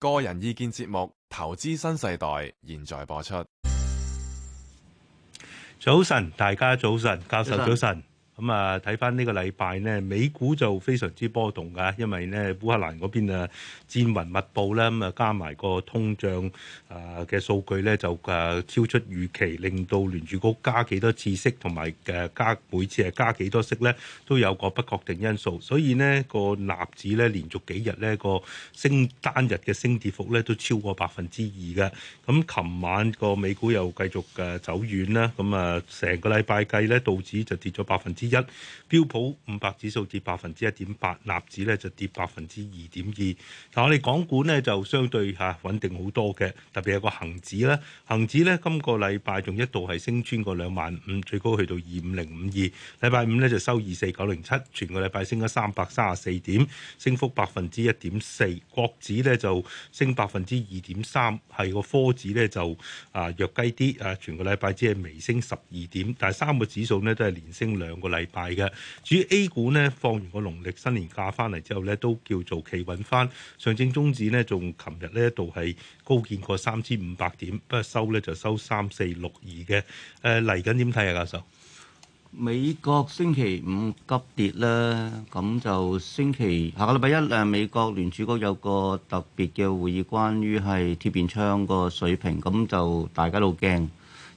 個人意見節目《投資新世代》現在播出。早晨，大家早晨，教授早晨。早晨。咁啊，睇翻呢個禮拜咧，美股就非常之波動㗎，因為咧烏克蘭嗰邊啊戰雲密佈啦，咁啊加埋個通脹啊嘅數據咧就誒超出預期，令到聯儲局加幾多次息，同埋誒加每次係加幾多息咧都有個不確定因素，所以咧個納指咧連續幾日咧個升單日嘅升跌幅咧都超過百分之二嘅，咁琴晚個美股又繼續誒走遠啦，咁啊成個禮拜計咧道指就跌咗百分之一標普五百指數跌百分之一點八，納指咧就跌百分之二點二。但我哋港股呢就相對嚇穩定好多嘅，特別係個恒指啦，恒指呢今個禮拜仲一度係升穿過兩萬五，最高去到二五零五二。禮拜五呢就收二四九零七，全個禮拜升咗三百三十四點，升幅百分之一點四。國指呢就升百分之二點三，係個科指呢就啊弱雞啲啊，全個禮拜只係微升十二點，但係三個指數呢都係連升兩個禮禮拜嘅，至於 A 股呢，放完個農曆新年假翻嚟之後呢，都叫做企穩翻。上證綜指呢，仲琴日呢度係高見過三千五百點，不過收呢就收三四六二嘅。誒，嚟緊點睇啊，教授？美國星期五急跌咧，咁就星期下個禮拜一誒，美國聯儲局有個特別嘅會議，關於係貼現窗個水平，咁就大家都驚，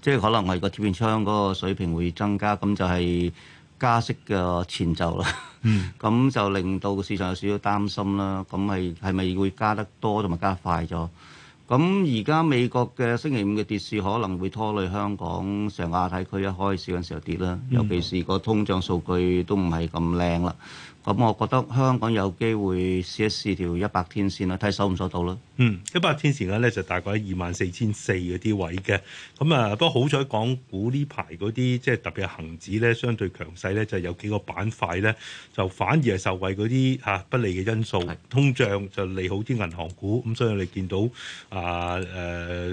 即係可能係個貼現窗嗰個水平會增加，咁就係、是。加息嘅前奏啦，咁、 嗯、就令到個市場有少少擔心啦。咁係係咪會加得多同埋加快咗？咁而家美國嘅星期五嘅跌市可能會拖累香港成亞太區一開市嗰陣時候跌啦，嗯、尤其是個通脹數據都唔係咁靚啦。咁我覺得香港有機會試一試條一百天線啦，睇收唔收到啦。嗯，一百天線嘅咧就大概喺二萬四千四嗰啲位嘅。咁啊，不過好彩港股呢排嗰啲即係特別係恒指咧，相對強勢咧，就係、有幾個板塊咧就反而係受惠嗰啲啊不利嘅因素，通脹就利好啲銀行股。咁、嗯、所以我哋見到啊誒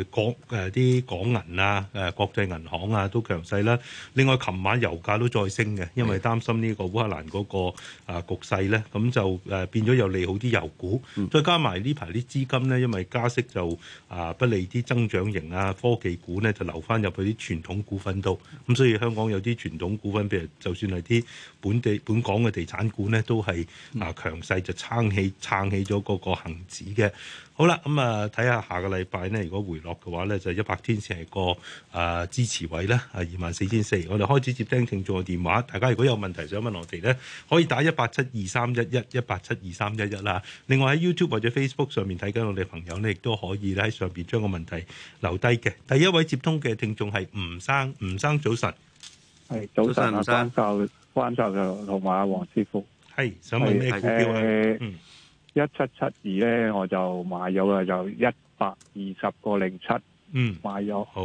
港誒啲港銀啊誒、啊、國際銀行啊都強勢啦。另外，琴晚油價都再升嘅，因為擔心呢個烏克蘭嗰、嗰個啊。啊局勢咧，咁就誒變咗有利好啲油股，再加埋呢排啲資金咧，因為加息就啊不利啲增長型啊科技股咧，就留翻入去啲傳統股份度，咁所以香港有啲傳統股份，譬如就算係啲本地本港嘅地產股咧，都係啊強勢就撐起撐起咗嗰個恆指嘅。好啦，咁啊睇下下個禮拜呢，如果回落嘅話咧，就一百天線係個啊、呃、支持位啦，啊二萬四千四。我哋開始接聽聽眾電話，大家如果有問題想問我哋咧，可以打一百。七二三一一一八七二三一一啦，11, 11, 另外喺 YouTube 或者 Facebook 上面睇緊我哋朋友呢，亦都可以咧喺上邊將個問題留低嘅。第一位接通嘅聽眾係吳生，吳生早晨，係早晨啊，關教關教就同埋阿黃師傅，係想問咩股票咧？一七七二咧，我就買咗啊，就一百二十個零七，嗯，買咗了好，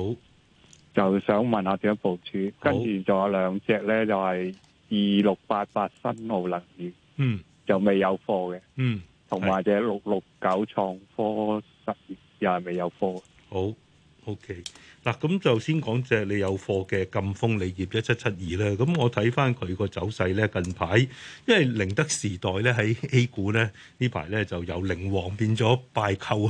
就想問下點樣部署，跟住仲有兩隻咧，就係、是。二六八八新奧能源，嗯，就未有貨嘅，嗯，同埋就係六六九創科實業，又係未有貨，好，oh，OK。嗱，咁就先講隻你有貨嘅贛鋒鋰業一七七二啦。咁我睇翻佢個走勢咧，近排因為寧德時代咧喺 A 股咧呢排咧就由領旺變咗敗寇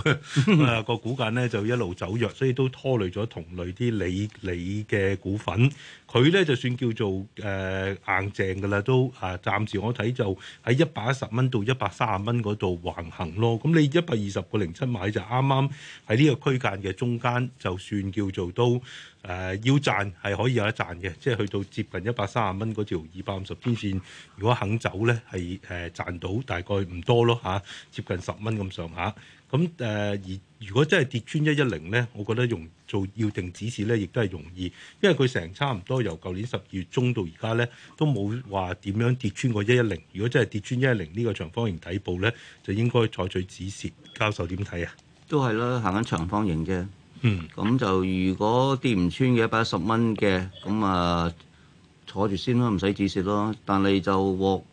啊，個股價咧就一路走弱，所以都拖累咗同類啲鋰鋰嘅股份。佢咧就算叫做誒硬淨嘅啦，都啊暫時我睇就喺一百一十蚊到一百三十蚊嗰度橫行咯。咁你一百二十個零七買就啱啱喺呢個區間嘅中間，就算叫做～、呃都誒、呃、要賺係可以有得賺嘅，即係去到接近一百三十蚊嗰條二百五十天線，如果肯走呢，係誒、呃、賺到大概唔多咯嚇，接近十蚊咁上下。咁、啊、誒、呃、而如果真係跌穿一一零呢，我覺得容做要定指示呢，亦都係容易，因為佢成差唔多由舊年十二月中到而家呢，都冇話點樣跌穿過一一零。如果真係跌穿一一零呢個長方形底部呢，就應該採取指示。教授點睇啊？都係啦，行緊長方形嘅。嗯，咁就如果跌唔穿嘅一百一十蚊嘅，咁啊坐住先啦，唔使止蝕咯。但係就獲，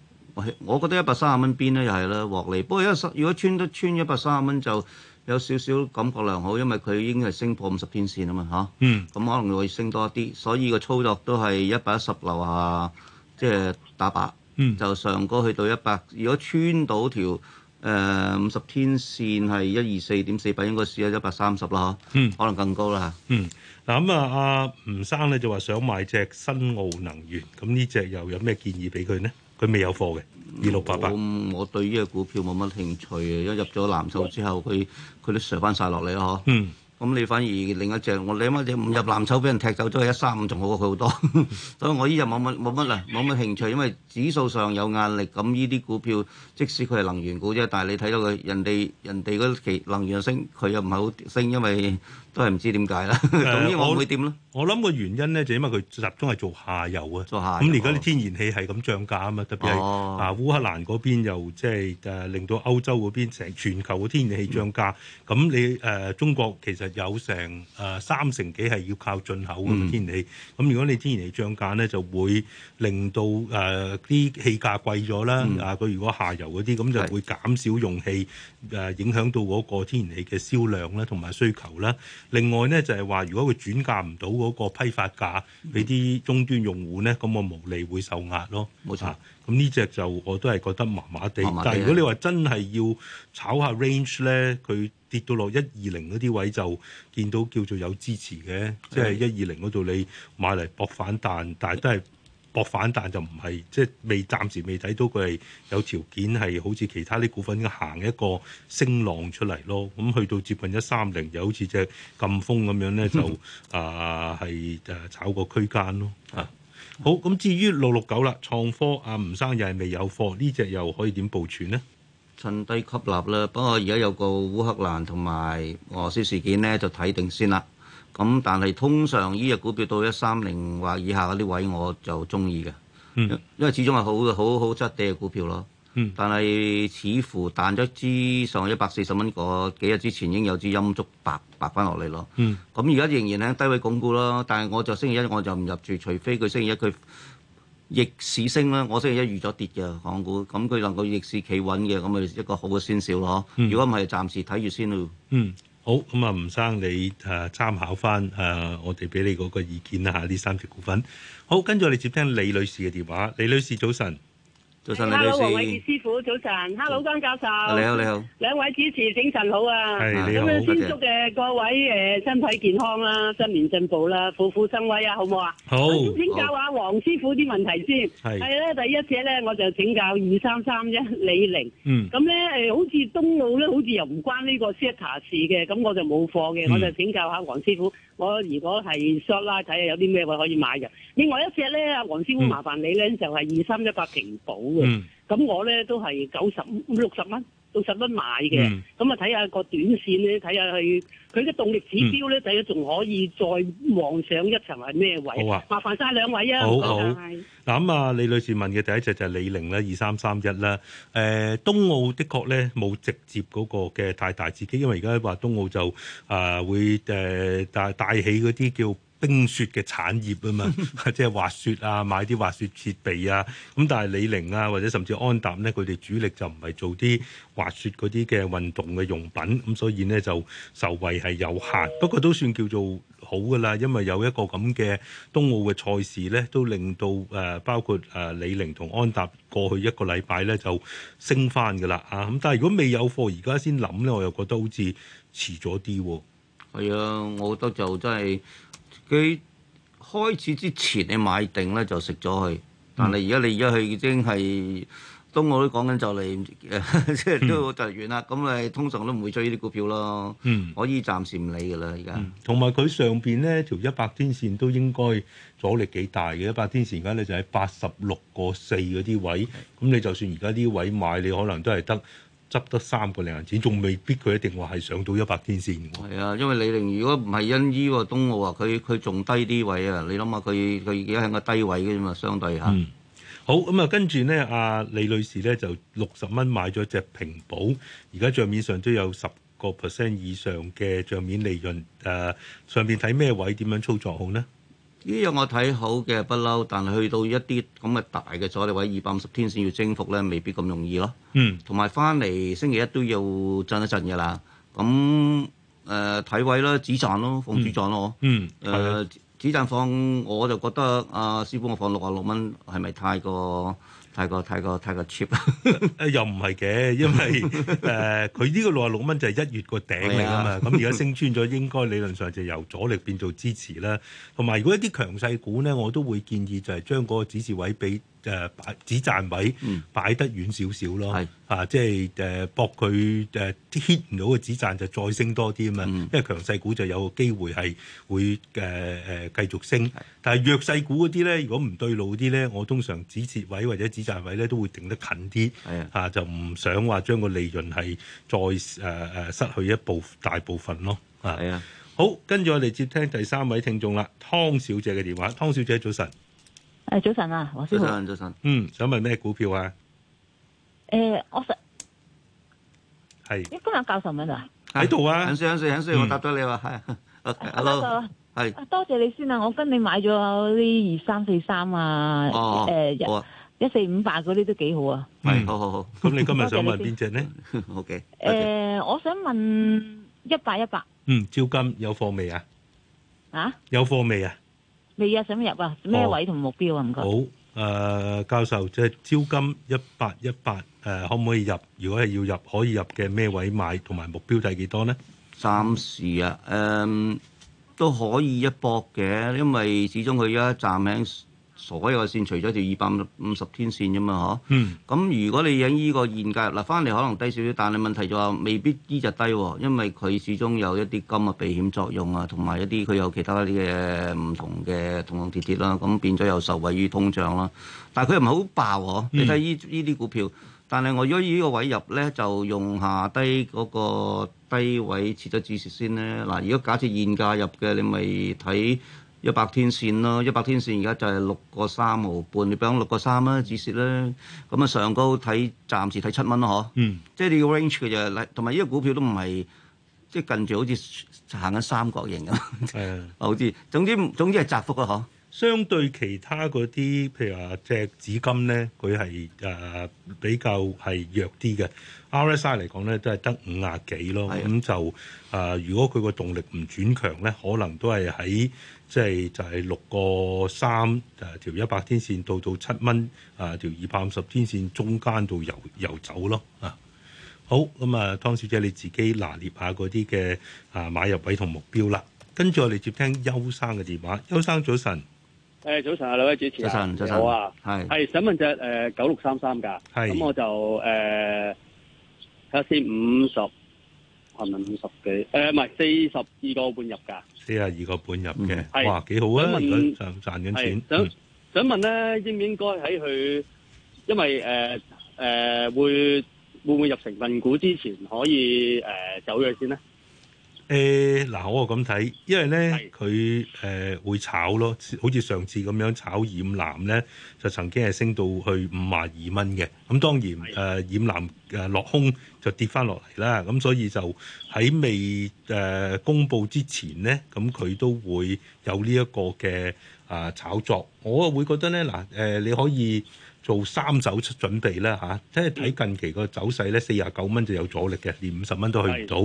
我覺得一百三十蚊邊咧又係啦，獲利。不過一十，如果穿得穿一百三十蚊，就有少少感覺良好，因為佢已經係升破五十天線啊嘛，嚇、啊。嗯。咁可能會升多一啲，所以個操作都係一百一十樓下，即、就、係、是、打靶。嗯、就上高去到一百，如果穿到條。誒五十天線係一二四點四八，應該試咗一百三十啦，嗬。嗯，可能更高啦。嗯，嗱咁啊，阿吳生咧就話想買隻新奧能源，咁呢隻又有咩建議俾佢咧？佢未有貨嘅二六八八。我對呢個股票冇乜興趣，一入咗藍籌之後，佢佢喂都衰翻晒落嚟啦，嗬。嗯。咁你反而另一隻，我諗嗰隻唔入藍籌，俾人踢走咗一三五，仲好過佢好多。所以我依日冇乜冇乜啦，冇乜興趣，因為指數上有壓力。咁依啲股票，即使佢係能源股啫，但係你睇到佢人哋人哋嗰期能源升，佢又唔係好升，因為都係唔知點解啦。咁依我會點呢？我諗個原因咧，就因為佢集中係做下游啊。做下游咁而家啲天然氣係咁漲價啊嘛，特別係啊烏克蘭嗰邊又即係誒令到歐洲嗰邊成全球嘅天然氣漲價。咁你誒中國其實。有成誒、呃、三成幾係要靠進口嘅天然氣，咁如果你天然氣漲價咧，就會令到誒啲、呃、氣價貴咗啦。嗯、啊，佢如果下游嗰啲咁就會減少用氣，誒、呃、影響到嗰個天然氣嘅銷量啦，同埋需求啦。另外咧就係、是、話，如果佢轉嫁唔到嗰個批發價俾啲終端用戶咧，咁我無利會受壓咯。冇錯。啊。呢隻、嗯、就我都係覺得麻麻地，但係如果你話真係要炒下 range 咧，佢、嗯、跌到落一二零嗰啲位就見到叫做有支持嘅，的即係一二零嗰度你買嚟搏反彈，但係都係搏反彈就唔係即係未暫時未睇到佢係有條件係好似其他啲股份行一個升浪出嚟咯。咁、嗯、去到接近一三零又好似隻金風咁樣咧，就啊係就炒個區間咯。好，咁至於六六九啦，創科阿吳生又係未有貨，呢隻又可以點部署呢？趁低吸納啦，不過而家有個烏克蘭同埋俄羅斯事件咧，就睇定先啦。咁但係通常呢隻股票到一三零或以下嗰啲位，我就中意嘅，嗯、因為始終係好好好質地嘅股票咯。嗯、但係似乎彈咗支上一百四十蚊嗰幾日之前已經有支陰燭白白翻落嚟咯。咁而家仍然喺低位鞏固咯，但係我就星期一我就唔入住，除非佢星期一佢逆市升啦。我星期一預咗跌嘅港股，咁佢能夠逆市企穩嘅，咁咪一個好嘅、嗯、先兆咯。如果唔係，暫時睇住先咯。嗯，好，咁啊，吳生、啊、你誒參考翻誒我哋俾你嗰個意見啦嚇呢三隻股份。好，跟住我哋接，接聽李女士嘅電話。李女士，李女士早晨。早晨，hello 黃偉傑師傅，早晨，hello 江教授，你好你好，兩位主持，精神好啊，咁先祝嘅各位誒身體健康啦，新年進步啦，虎虎生威啊，好唔好啊？好，先請教下黃師傅啲問題先，係啦，第一隻咧我就請教二三三一李寧，咁咧誒好似冬奧咧，好似又唔關呢個 seta 事嘅，咁我就冇貨嘅，我就請教下黃師傅，我如果係 short 啦，睇下有啲咩可以買嘅，另外一隻咧，阿黃師傅麻煩你咧就係二三一八平保。嗯，咁我咧都係九十五、六十蚊、六十蚊買嘅，咁啊睇下個短綫咧，睇下去佢嘅動力指標咧，睇下仲可以再往上一層係咩位？好啊，麻煩晒兩位啊，好多謝。嗱咁啊，李女士問嘅第一隻就係李寧啦，二三三一啦，誒，冬奧的確咧冇直接嗰個嘅太大刺激，因為而家話冬奧就啊會誒帶帶起嗰啲叫。冰雪嘅產業啊嘛，即係滑雪啊，買啲滑雪設備啊。咁但係李寧啊，或者甚至安踏咧，佢哋主力就唔係做啲滑雪嗰啲嘅運動嘅用品，咁所以咧就受惠係有限。不過都算叫做好噶啦，因為有一個咁嘅冬奧嘅賽事咧，都令到誒、呃、包括誒、呃、李寧同安踏過去一個禮拜咧就升翻噶啦啊。咁但係如果未有貨而家先諗咧，我又覺得好似遲咗啲喎。係啊，我覺得就真係。佢開始之前你買定咧就食咗佢，但係而家你而家去已經係，當我都講緊、 嗯、就嚟，即係都好突然啦。咁你通常都唔會追呢啲股票咯。嗯，可以暫時唔理噶啦，而家。同埋佢上邊咧條一百天線都應該阻力幾大嘅，一百天線而家咧就喺八十六個四嗰啲位，咁是你就算而家啲位買，你可能都係得。執得三個零銀錢，仲未必佢一定話係上到一百天線。係啊，因為李寧如果唔係因依個東澳啊，佢佢仲低啲位啊！你諗下佢佢而家喺個低位嘅啫嘛，相對嚇、嗯。好咁啊，跟住咧，阿李女士咧就六十蚊買咗隻平保，而家帳面上都有十個 percent 以上嘅帳面利潤。誒、呃，上邊睇咩位點樣操作好呢？呢樣我睇好嘅不嬲，但係去到一啲咁嘅大嘅阻力位二百五十天線要征服咧，未必咁容易咯。嗯，同埋翻嚟星期一都要震一震嘅啦。咁誒睇位啦，止賺咯，放止賺咯。嗯，誒止賺放我就覺得阿、啊、師傅我放六啊六蚊係咪太過？太過，太過，太過 cheap 啊！ 又唔係嘅，因為誒佢呢個六啊六蚊就係一月個頂嚟㗎嘛，咁而家升穿咗，應該理論上就由阻力變做支持啦。同埋如果一啲強勢股咧，我都會建議就係將嗰個指示位俾。誒擺止賺位擺得遠少少咯，啊，即係誒博佢誒 hit 唔到嘅止賺就再升多啲啊嘛，因為強勢股就有個機會係會誒誒繼續升。但係弱勢股嗰啲咧，如果唔對路啲咧，我通常止蝕位或者止賺位咧都會定得近啲，啊，就唔想話將個利潤係再誒誒失去一部大部分咯。係啊，好，跟住我哋接聽第三位聽眾啦，湯小姐嘅電話，湯小姐早晨。誒，早晨啊，黃師傅。早晨，早晨。嗯，想問咩股票啊？誒，我實係。你今日教授喺度啊？喺度啊！響水，響水，響水，我答咗你話係。Hello，係。多謝你先啊！我跟你買咗啲二三四三啊，誒，一四五八嗰啲都幾好啊。係，好好好。咁你今日想問邊隻呢？OK。誒，我想問一八一八。嗯，招金有貨未啊？啊？有貨未啊？未啊？想入啊？咩位同目標啊？唔該。好，誒教授，即係招金一八一八誒，可唔可以入？如果係要入，可以入嘅咩位買同埋目標就係幾多呢？暫時啊，誒都可以一搏嘅，因為始終佢而家暫時。所有線除咗條二百五十五十天線啫嘛，嗬、嗯。咁如果你影依個現價入，嗱翻嚟可能低少少，但係問題就話未必依隻低喎，因為佢始終有一啲金啊避險作用啊，同埋一啲佢有其他啲嘅唔同嘅同同跌跌啦，咁變咗又受惠於通脹啦。但係佢又唔係好爆，你睇依依啲股票。嗯、但係我如果呢個位入咧，就用下低嗰個低位設咗止蝕先咧。嗱，如果假設現價入嘅，你咪睇。一百天線咯，一百天線而家就係六個三毫半，你俾我六個三啦，紫色啦。咁啊上高睇，暫時睇七蚊咯，嗬，嗯，即係你要 range 嘅就係，同埋依個股票都唔係，即、就、係、是、近住好似行緊三角形咁，係啊、嗯，好似，總之總之係窄幅啊。嗬、嗯，吧相對其他嗰啲，譬如話隻紫金咧，佢係誒比較係弱啲嘅，RSI 嚟講咧都係得五廿幾咯，咁、嗯啊、就誒、呃、如果佢個動力唔轉強咧，可能都係喺即係就係六個三誒條一百天線到到七蚊啊條二百五十天線中間度游遊走咯啊好咁啊、嗯、湯小姐你自己拿捏下嗰啲嘅啊買入位同目標啦，跟住我哋接聽邱生嘅電話。邱生早晨，誒早晨啊兩位主持，早晨早晨好啊，係係是，想問隻誒九六三三㗎，係、呃、咁是我就誒睇下先五十，係咪五十幾誒唔係四十二個半入㗎。四十二個半入嘅，哇幾好啊！賺賺緊錢。想想問咧，應唔應該喺佢，因為誒誒會會唔會入成分股之前，可以誒走咗先咧？誒嗱、呃，我又咁睇，因為咧佢誒會炒咯，好似上次咁樣炒染藍咧，就曾經係升到去五萬二蚊嘅。咁當然誒的、呃、染藍誒落空就跌翻落嚟啦。咁所以就喺未誒、呃、公布之前咧，咁佢都會有呢一個嘅啊、呃、炒作。我會覺得咧，嗱、呃、誒、呃，你可以。做三手準備啦吓、啊，即係睇近期個走勢咧，四廿九蚊就有阻力嘅，連五十蚊都去唔到。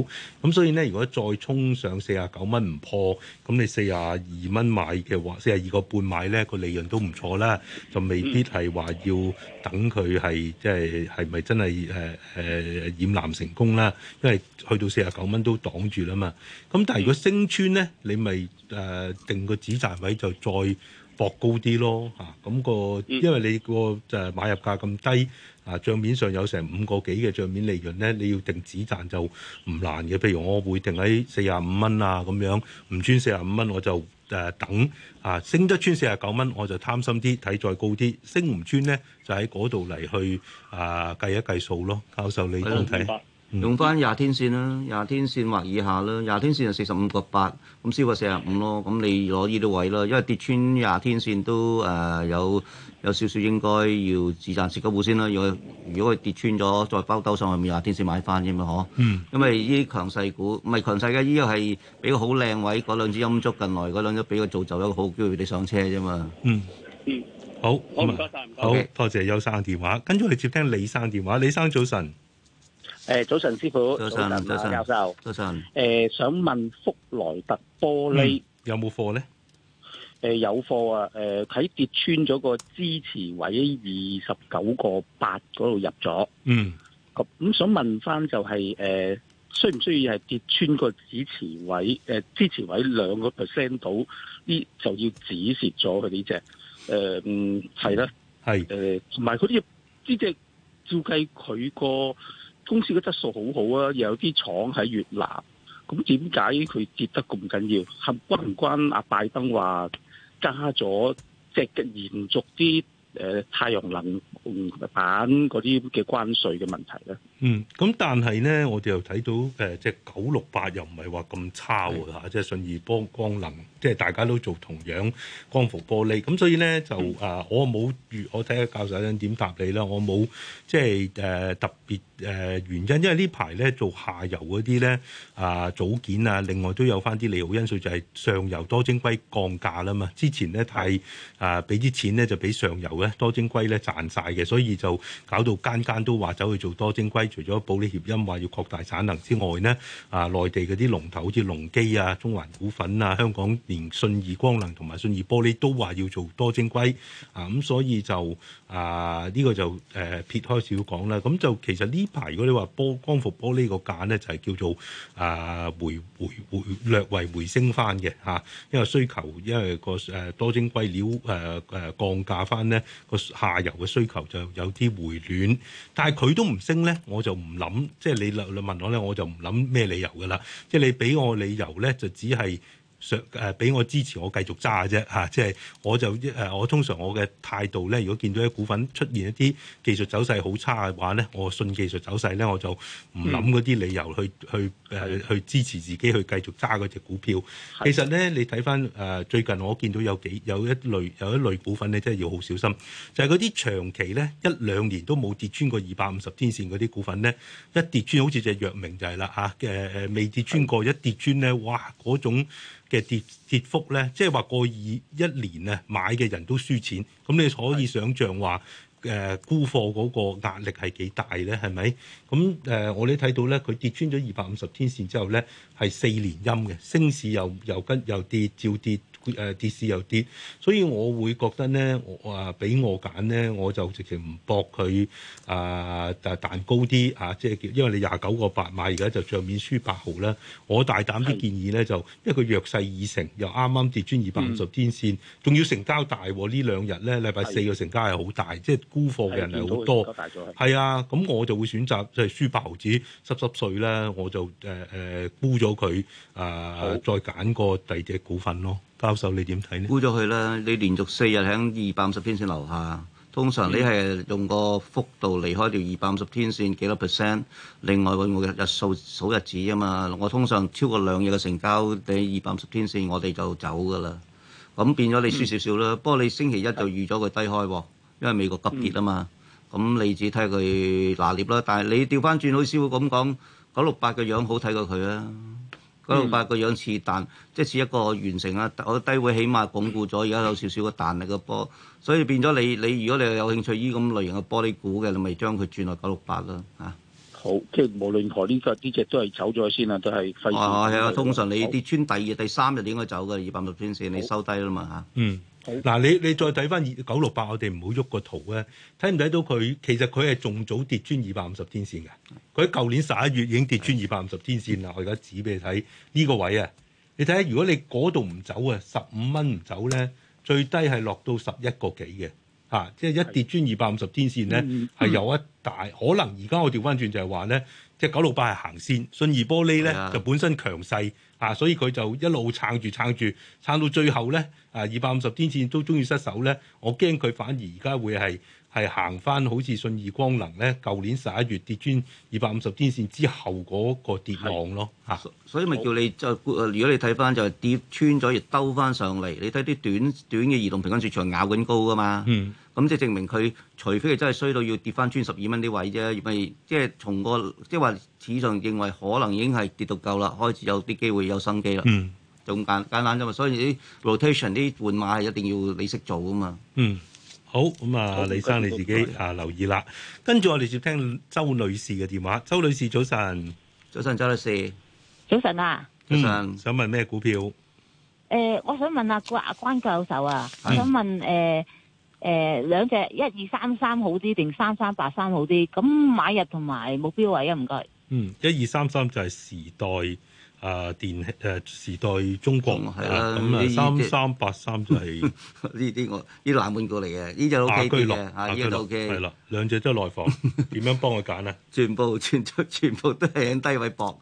咁是的 所以咧，如果再衝上四廿九蚊唔破，咁你四廿二蚊買嘅話，四廿二個半買咧，個利潤都唔錯啦，就未必係話要等佢係即係係咪真係誒誒染藍成功啦？因為去到四廿九蚊都擋住啦嘛。咁但係如果升穿咧，你咪誒定個止賺位就再。博高啲咯嚇，咁、啊、個因為你個就係買入價咁低啊，帳面上有成五個幾嘅帳面利潤咧，你要定止賺就唔難嘅。譬如我會定喺四廿五蚊啊咁樣，唔穿四廿五蚊我就誒、啊、等啊，升得穿四廿九蚊我就貪心啲睇再高啲，升唔穿咧就喺嗰度嚟去啊計一計數咯。教授你點睇？嗯、用翻廿天線啦，廿天線或以下啦，廿天線就四十五個八，咁超過四十五咯，咁你攞呢啲位啦，因為跌穿廿天線都誒有有，有少少應該要自賺十個股先啦，如果如果佢跌穿咗，再包兜上去廿天線買翻啫嘛，嗬、嗯？因為呢啲強勢股，唔係強勢嘅依個係俾個好靚位，嗰兩支陰燭近來嗰兩支俾佢造就一個好機會俾你上車啫嘛。嗯嗯。嗯好唔好多謝邱生電話，跟住我哋接聽李生電話，李生早晨。誒，早晨，師傅，早晨上，早晨上。教授上，早晨。誒，想問福萊特玻璃有冇貨咧？誒、嗯，有貨、呃、啊！誒、呃，喺跌穿咗個支持位二十九個八嗰度入咗。嗯。咁咁、呃，想問翻就係、是、誒、呃，需唔需要係跌穿個支持位？誒、呃，支持位兩個 percent 到呢就要止蝕咗佢呢隻。誒、呃，嗯，係啦，係是。誒、呃，同埋嗰啲呢隻照計佢個。公司嘅質素好好啊，又有啲廠喺越南，咁點解佢跌得咁緊要？係關唔關阿拜登話加咗即係延續啲誒太陽能板嗰啲嘅關稅嘅問題咧？嗯，咁但係咧，我哋又睇到誒、呃、是即係九六八又唔係話咁差喎嚇，即係信義光能，即係大家都做同樣光伏玻璃，咁所以咧就啊、嗯呃，我冇我睇下教授想點答你啦，我冇即係誒特別。誒原因，因為呢排咧做下游嗰啲咧啊組件啊，另外都有翻啲利好因素，就係上游多晶硅降價啦嘛。之前咧太啊俾啲錢咧就俾上游咧多晶硅咧賺晒嘅，所以就搞到間間都話走去做多晶硅。除咗保利協鑫話要擴大產能之外咧，啊內地嗰啲龍頭，好似隆基啊、中環股份啊、香港連信義光能同埋信義玻璃都話要做多晶硅啊，咁所以就啊呢個就誒撇開少講啦。咁就其實呢？排如果你話玻光伏玻璃個價咧，就係叫做啊回回回略為回升翻嘅嚇，因為需求因為個誒多晶硅料誒誒、啊、降價翻咧，個下游嘅需求就有啲回暖，但係佢都唔升咧，我就唔諗即係你問我咧，我就唔諗咩理由㗎啦，即係你俾我理由咧，就只係。上俾我支持我繼續揸啫嚇，即、啊、係、就是、我就誒、啊、我通常我嘅態度咧，如果見到啲股份出現一啲技術走勢好差嘅話咧，我信技術走勢咧，我就唔諗嗰啲理由去去誒、啊、去支持自己去繼續揸嗰隻股票。其實咧，你睇返誒最近我見到有幾有一類有一類股份咧，真係要好小心，就係嗰啲長期咧一兩年都冇跌穿過二百五十天線嗰啲股份咧，一跌穿好似隻藥明就係啦嚇誒誒未跌穿過一跌穿咧，哇嗰種～嘅跌跌幅咧，即係話過二一年啊，買嘅人都輸錢，咁你可以想象話，誒沽貨嗰個壓力係幾大咧？係咪？咁誒、呃、我哋睇到咧，佢跌穿咗二百五十天線之後咧，係四連陰嘅，升市又又跟又跌照跌。誒跌市又跌，所以我會覺得咧，我啊俾我揀咧，我就直情唔搏佢啊，但高啲啊，即係因為你廿九個八買而家就帳面輸八毫啦。我大膽啲建議咧，是就因為佢弱勢已成，又啱啱跌穿二百五十天線，仲、嗯、要成交大喎呢兩日咧，禮拜四個成交係好大，即係沽貨嘅人係好多。係啊，咁我就會選擇就係輸八毫子濕濕碎啦，我就誒誒沽咗佢啊，再揀、呃、個第二隻股份咯。包手你點睇咧？沽咗佢啦！你連續四日喺二百五十天線樓下，通常你係用個幅度離開條二百五十天線幾多 percent？另外我日，日數數日子啊嘛，我通常超過兩日嘅成交抵二百五十天線，我哋就走噶啦。咁變咗你輸少少啦。嗯、不過你星期一就預咗佢低開喎，因為美國急跌啊嘛。咁、嗯嗯、你只睇佢拿捏啦。但係你調返轉好似會咁講，九六八嘅樣好睇過佢啊。九六八個樣似彈，即係似一個完成啦。我低位起碼鞏固咗，而家有少少個彈力嘅波，所以變咗你你，你如果你有興趣依咁類型嘅玻璃股嘅，你咪將佢轉落九六八啦嚇。啊、好，即係無論如何呢個呢隻都係走咗先啦，都係。哦、啊，係啊，通常你跌穿好第二、第三日應該走嘅二百六十線，好你收低啦嘛嚇。啊、嗯。嗱好，你你再睇翻二九六八，我哋唔好喐個圖咧，睇唔睇到佢？其實佢係仲早跌穿二百五十天線嘅。佢喺舊年十一月已經跌穿二百五十天線啦。的我而家指俾你睇呢、呢個位啊，你睇下，如果你嗰度唔走啊，十五蚊唔走咧，最低係落到十一個幾嘅嚇，即係一跌穿二百五十天線咧，係的有一大可能。而家我調翻轉就係話咧，即係九六八係行先，信義玻璃咧的就本身強勢。啊，所以佢就一路撐住撐住，撐住撐到最後咧，啊，二百五十天線都終於失守咧，我驚佢反而而家會係。係行翻好似信義光能咧，舊年十一月跌穿二百五十天線之後嗰個跌浪咯嚇，是啊、所以咪叫你就如果你睇翻就跌穿咗，亦兜翻上嚟。你睇啲短短嘅移動平均線在咬緊高噶嘛，咁即係證明佢除非佢真係衰到要跌翻穿十二蚊啲位啫，咪即係從個即係話市場認為可能已經係跌到夠啦，開始有啲機會有生機啦。嗯、就咁簡簡單啫嘛。所以啲 rotation 啲換馬係一定要你識做噶嘛。嗯。好咁啊，李生你自己啊留意啦。跟住我哋接聽周女士嘅電話。周女士早晨，早晨周女士，早晨啊，嗯、早晨想問咩股票？誒、呃，我想問阿阿關教授啊，我想問誒誒，兩隻一二三三好啲定三三八三好啲？咁買入同埋目標位啊？唔該。嗯，一二三三就係時代。啊！電誒時代中國啦，咁啊三三八三就係呢啲我啲冷門過嚟嘅，呢隻都 OK 嘅吓啊，呢隻都 OK。係啦，兩隻都內房。點樣幫佢揀咧？全部全全部都係喺低位搏。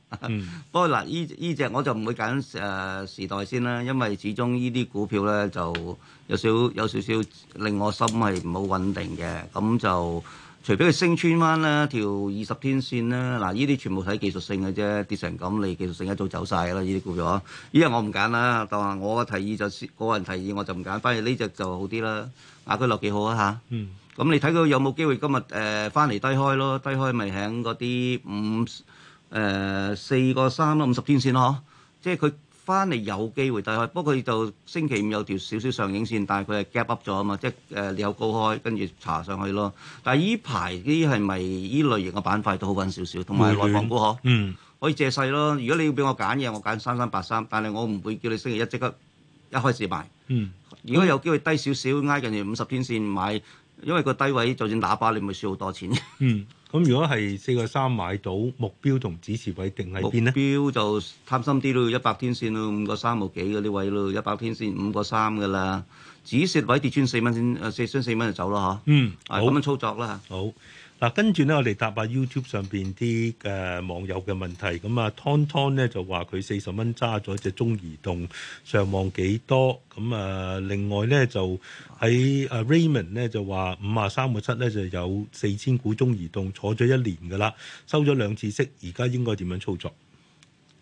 不過嗱，呢呢隻我就唔會揀誒時代先啦，因為始終呢啲股票咧就有少有少少令我心係唔好穩定嘅，咁就。除非佢升穿翻啦，條二十天線啦，嗱呢啲全部睇技術性嘅啫，跌成咁你技術性一早走曬啦，呢啲股票，呢家我唔揀啦，當我嘅提議就個人提議，我就唔揀，反而呢隻就好啲啦，雅居樂幾好啊嚇，咁、嗯嗯、你睇佢有冇機會今日誒翻嚟低開咯，低開咪喺嗰啲五誒四個三咯五十天線咯，即係佢。翻嚟有機會低開，不過就星期五有條少少上影線，但係佢係 gap up 咗啊嘛，即係、呃、你有高開跟住查上去咯。但係依排啲係咪依類型嘅板塊都好穩少少，同埋內房股呵，嗯、可以借勢咯。如果你要俾我揀嘢，我揀三三八三，但係我唔會叫你星期一即刻一開始買。嗯、如果有機會低少少，挨近住五十天線買，因為個低位就算打靶，你唔會輸好多錢。嗯咁如果係四個三買到目標，同止蝕位定喺邊咧？目標就貪心啲咯，一百天線咯，五個三冇幾嗰啲位咯，一百天線五個三噶啦，止蝕位跌穿四蚊先，呃，跌穿四蚊就走咯吓，嗯，好，咁樣操作啦。好。嗱，跟住咧，我哋答下 YouTube 上邊啲嘅網友嘅問題。咁啊，Tonton 咧就話佢四十蚊揸咗隻中移動上網幾多？咁啊，另外咧就喺 Raymond 咧就話五啊三個七咧就有四千股中移動坐咗一年噶啦，收咗兩次息，而家應該點樣操作？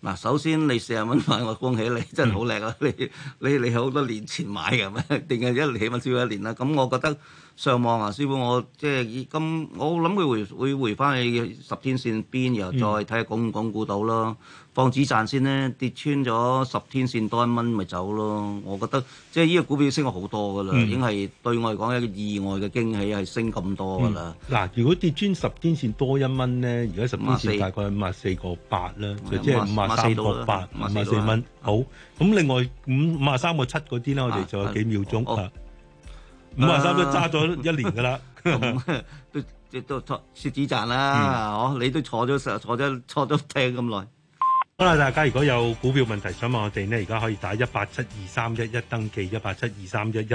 嗱，首先你四十蚊買，我恭喜你，真係好叻啊！你你你好多年前買嘅咩？定係一年起碼少一年啦？咁我覺得。上網啊，師傅，我即係咁我諗佢回會回翻去十天線邊，然後再睇下鞏唔鞏固到咯。放止賺先咧，跌穿咗十天線多一蚊咪走咯。我覺得即係呢個股票升咗好多噶啦，已經係對我嚟講一個意外嘅驚喜，係升咁多噶啦。嗱，如果跌穿十天線多一蚊咧，而家十天線大概五啊四個八啦，就即係五啊四個八，五啊四蚊。好，咁另外五五啊三個七嗰啲咧，我哋仲有幾秒鐘啊。五萬三都揸咗一年噶啦、 嗯，都都坐雪子站啦，嗬、嗯！你都坐咗十，坐咗坐咗艇咁耐。好啦，大家如果有股票問題想問我哋呢，而家可以打一八七二三一一登記，一八七二三一一。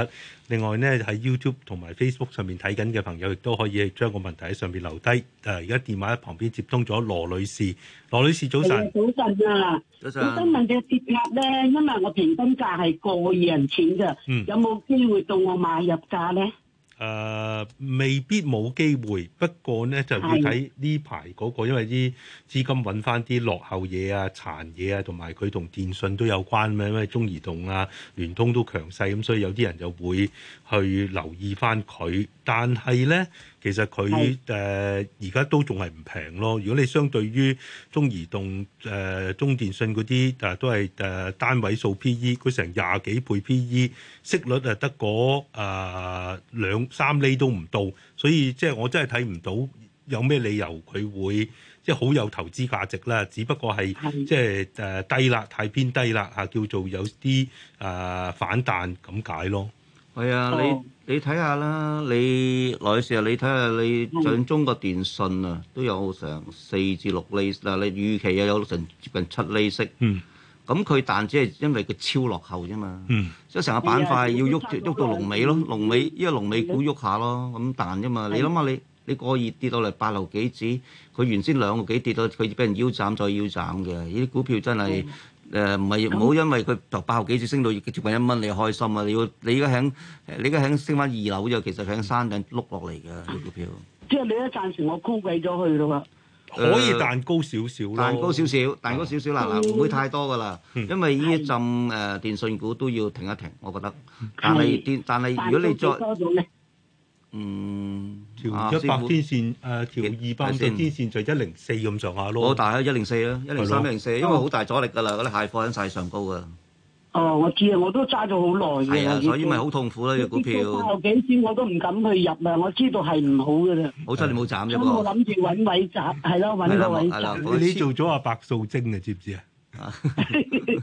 另外呢，喺 YouTube 同埋 Facebook 上面睇緊嘅朋友，亦都可以將個問題喺上面留低。誒，而家電話喺旁邊接通咗羅女士，羅女士早晨。早晨啊！早晨。我想問隻跌價呢，因為我平均價係個人錢噶，嗯、有冇機會到我買入價呢？誒、uh，未必冇機會，不過呢就要睇呢排嗰個，因為啲資金揾翻啲落後嘢啊、殘嘢啊，同埋佢同電信都有關咩咩中移動啊、聯通都強勢，咁所以有啲人就會去留意翻佢，但係呢。其實佢誒而家都仲係唔平咯。如果你相對於中移動、誒、呃、中電信嗰啲，誒、呃、都係誒單位數 PE，佢成廿幾倍 PE，息率啊得嗰誒兩三厘都唔到，所以即係我真係睇唔到有咩理由佢會即係好有投資價值啦。只不過係的即係誒低啦，太偏低啦嚇、啊，叫做有啲誒、呃、反彈咁解咯。係啊，Hello. 你你睇下啦，你來時啊，你睇下你像中國電信啊，都有成四至六釐嗱，你預期又有成接近七釐息、hmm. 嗯。嗯，咁佢彈只係因為佢超落後啫嘛。嗯，即成個板塊要喐，喐 Yeah, 不到龍尾咯，龍尾因為龍尾股喐下咯，咁彈啫嘛。你諗下，你你過熱跌到嚟八樓幾指，佢原先兩個幾跌到，佢俾人腰斬再腰斬嘅，呢啲股票真係～、hmm. 誒，唔係唔好，因為佢就八號幾次升到接近一蚊，你開心啊！你要你依家喺誒，你依家喺升翻二樓啫，其實喺山頂碌落嚟嘅股票。即係你都暫時我高貴咗去啦，可以彈高少少，彈高少少，彈高少少嗱嗱，唔會太多噶啦。因為呢一陣誒電信股都要停一停，我覺得。但係電，但係如果你再，嗯，調一百天線誒，調二百天線就一零四咁上下咯。哦，大喺一零四啦，一零三、一零四，因為好大阻力噶啦，嗰啲蟹放喺曬上高噶。哦，我知啊，我都揸咗好耐嘅。係啊，所以咪好痛苦咯，啲股票。幾多幾錢我都唔敢去入啊！我知道係唔好噶啦。好彩你冇斬啫。所以我諗住搵位斬，係咯，搵個位斬。你做咗阿白素貞啊？知唔知啊？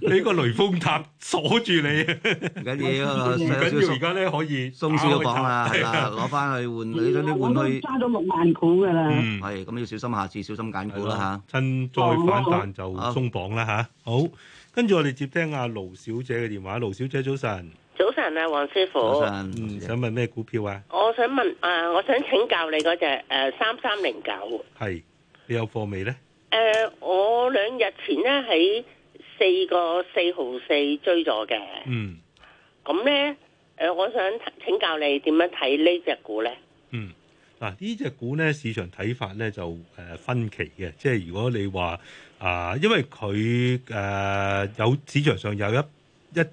你個雷峰塔鎖住你，唔緊要，唔緊要，而家咧可以鬆少都講啦，攞翻去換，你都你換去，揸咗六萬股噶啦，嗯，係，咁要小心，下次小心揀股啦吓，趁再反彈就鬆綁啦吓，好，跟住我哋接聽阿盧小姐嘅電話，盧小姐，早晨，早晨啊，黃師傅，早晨，想問咩股票啊，我想問，誒，我想請教你嗰隻誒三三零九，係，你有貨未咧？誒、呃，我兩日前咧喺四個四毫四追咗嘅。嗯，咁咧誒，我想請教你點樣睇呢隻股咧？嗯，嗱、啊，呢隻股咧，市場睇法咧就誒、呃、分歧嘅，即係如果你話啊、呃，因為佢誒、呃、有市場上有一一。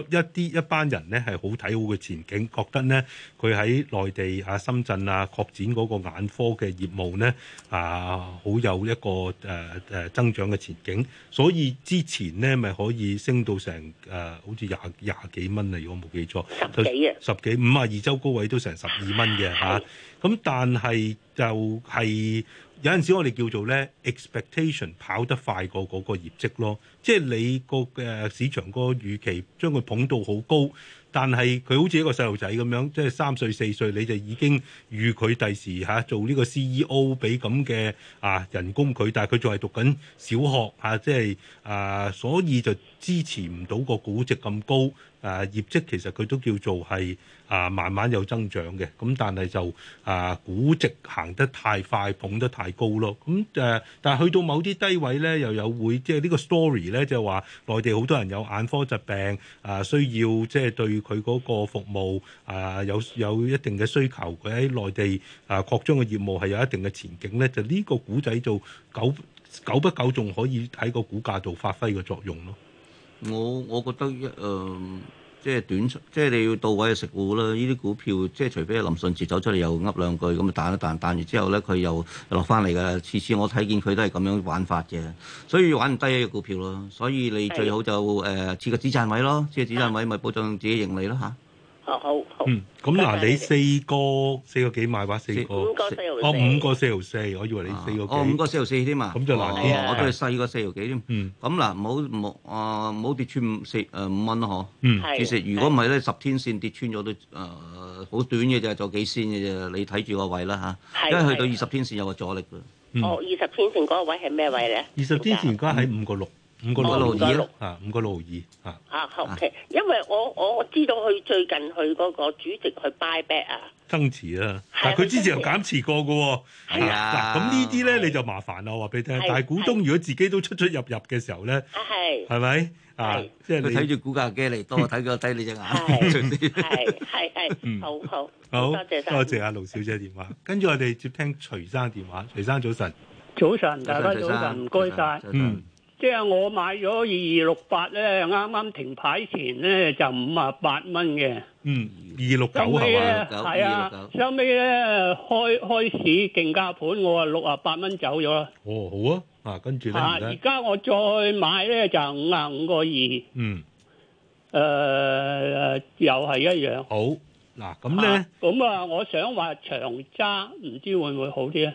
一啲一班人咧係好睇好嘅前景，覺得咧佢喺內地啊深圳啊擴展嗰個眼科嘅業務咧啊，好有一個誒誒、啊啊啊、增長嘅前景，所以之前咧咪可以升到成誒、啊、好似廿廿幾蚊啊，如果冇記錯，十幾十幾五啊，五十二周高位都成十二蚊嘅嚇。咁、啊、是但係就係、是、有陣時我哋叫做咧 expectation 跑得快過嗰個業績咯。即係你個誒市場個預期，將佢捧到好高，但係佢好似一個細路仔咁樣，即係三歲四歲你就已經與佢第時吓、啊、做呢個 CEO，俾咁嘅啊人工佢，但係佢仲係讀緊小學吓、啊，即係啊，所以就支持唔到個估值咁高。啊業績其實佢都叫做係啊慢慢有增長嘅，咁但係就啊估值行得太快，捧得太高咯。咁、啊、誒但係去到某啲低位咧，又有會即係呢個 story。咧就係話內地好多人有眼科疾病啊，需要即係、就是、對佢嗰個服務啊有有一定嘅需求，佢喺內地啊擴張嘅業務係有一定嘅前景咧。就呢個股仔做久久不久，仲可以喺個股價度發揮嘅作用咯。我我覺得一嗯。呃即係短，即係你要到位嘅食戶啦。呢啲股票，即係除非林信捷走出嚟又噏兩句，咁彈一彈，彈完之後咧，佢又落翻嚟㗎。次次我睇見佢都係咁樣玩法嘅，所以玩唔低嘅股票咯。所以你最好就誒設個止賺位咯，設個止賺位咪保障自己盈利咯嚇。哦，好好。咁嗱，你四個四個幾賣？哇，四個哦五個四毫四，我以為你四個。哦，五個四毫四添嘛。咁就難啲。我都係細個四毫幾添。咁嗱，唔好唔好啊，唔好跌穿五四誒五蚊咯，嗬。其實如果唔係咧，十天綫跌穿咗都誒好短嘅啫，就幾綫嘅啫。你睇住個位啦吓，因為去到二十天綫有個阻力嘅。哦，二十天綫嗰個位係咩位咧？二十天綫而家喺五個六。五個六二啊，五個六二啊。啊，O K，因為我我知道佢最近佢嗰個主席去 buy back 啊，增持啊。但佢之前又減持過噶。係啊。嗱，咁呢啲咧你就麻煩啦，我話俾你聽。大股東如果自己都出出入入嘅時候咧，係係咪啊？即係你睇住股價嘅嚟，多睇個低你隻眼。係係係，好好，好多謝多謝阿盧小姐電話。跟住我哋接聽徐生電話，徐生早晨。早晨，大家早晨，唔該晒。即係我買咗二二六八咧，啱啱停牌前咧，就五啊八蚊嘅。嗯，二六九啊嘛，係啊，收尾咧開開市競價盤，我話六啊八蚊走咗啦。哦，好啊，啊，跟住咧，啊，而家我再買咧就五啊五個二。嗯，誒，又係一樣。好，嗱，咁咧，咁啊，我想話長揸，唔知會唔會好啲啊？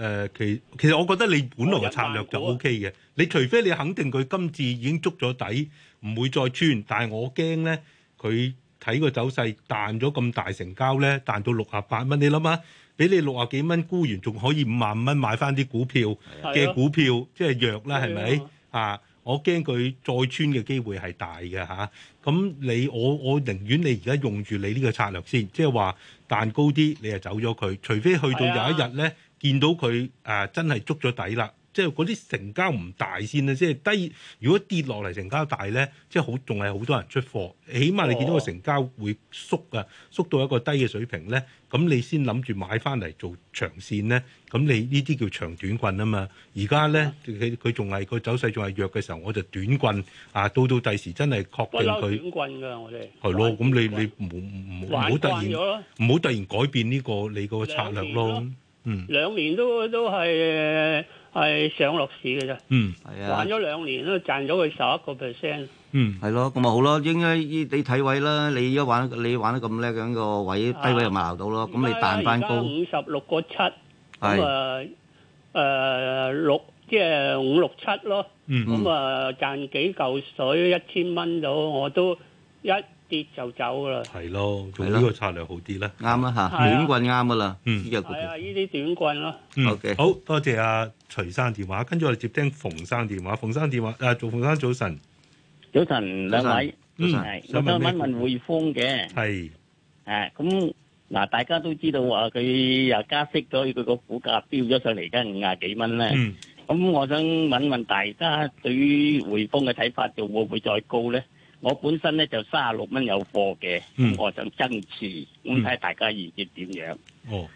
誒其其實我覺得你本來嘅策略就 O K 嘅。你除非你肯定佢今次已經捉咗底，唔會再穿。但係我驚呢，佢睇個走勢彈咗咁大成交呢，彈到六十八蚊。你諗下，俾你六十幾蚊沽完，仲可以五萬蚊買翻啲股票嘅股票，即係了弱啦，係咪了啊？我驚佢再穿嘅機會係大嘅嚇。咁、啊、你我我寧願你而家用住你呢個策略先，即係話彈高啲，你就走咗佢。除非去到有一日呢。了見到佢誒、啊、真係捉咗底啦，即係嗰啲成交唔大先咧，即係低。如果跌落嚟成交大咧，即係好仲係好多人出貨。起碼你見到個成交會縮啊，哦、縮到一個低嘅水平咧，咁、嗯、你先諗住買翻嚟做長線咧。咁、嗯、你呢啲叫長短棍啊嘛。而家咧佢佢仲係個走勢仲係弱嘅時候，我就短棍啊。到到第時真係確定佢。短棍㗎，我哋喏。係咯，咁你你唔唔好突然唔好突然改變呢、呢個你個策略咯。褪嗯，兩年都都係係上落市嘅啫。嗯，係啊，玩咗兩年都賺咗佢十一個 percent。嗯，係咯，咁咪好咯，應該你睇位啦，你而家玩你玩得咁叻，咁個位低位又買到咯，咁你彈翻高。而家五十六個七咁啊，誒六即係五六七咯。咁啊賺幾嚿水一千蚊到我都一。跌就走噶啦，係咯，做呢個策略好啲咧，啱啦嚇，短棍啱噶啦，嗯，係啊，依啲短棍咯，O K，好多謝阿徐生電話，跟住我哋接聽馮生電話，馮生電話，誒，做馮生早晨，早晨，兩位，早晨，嗯係，我想問問匯豐嘅，係，誒，咁嗱，大家都知道話佢又加息咗，佢個股價飆咗上嚟，而家五十幾蚊咧，咁我想問問大家對於匯豐嘅睇法，就會唔會再高咧？我本身咧就三十六蚊有貨嘅，嗯、我想增持，咁睇大家意見點樣。哦，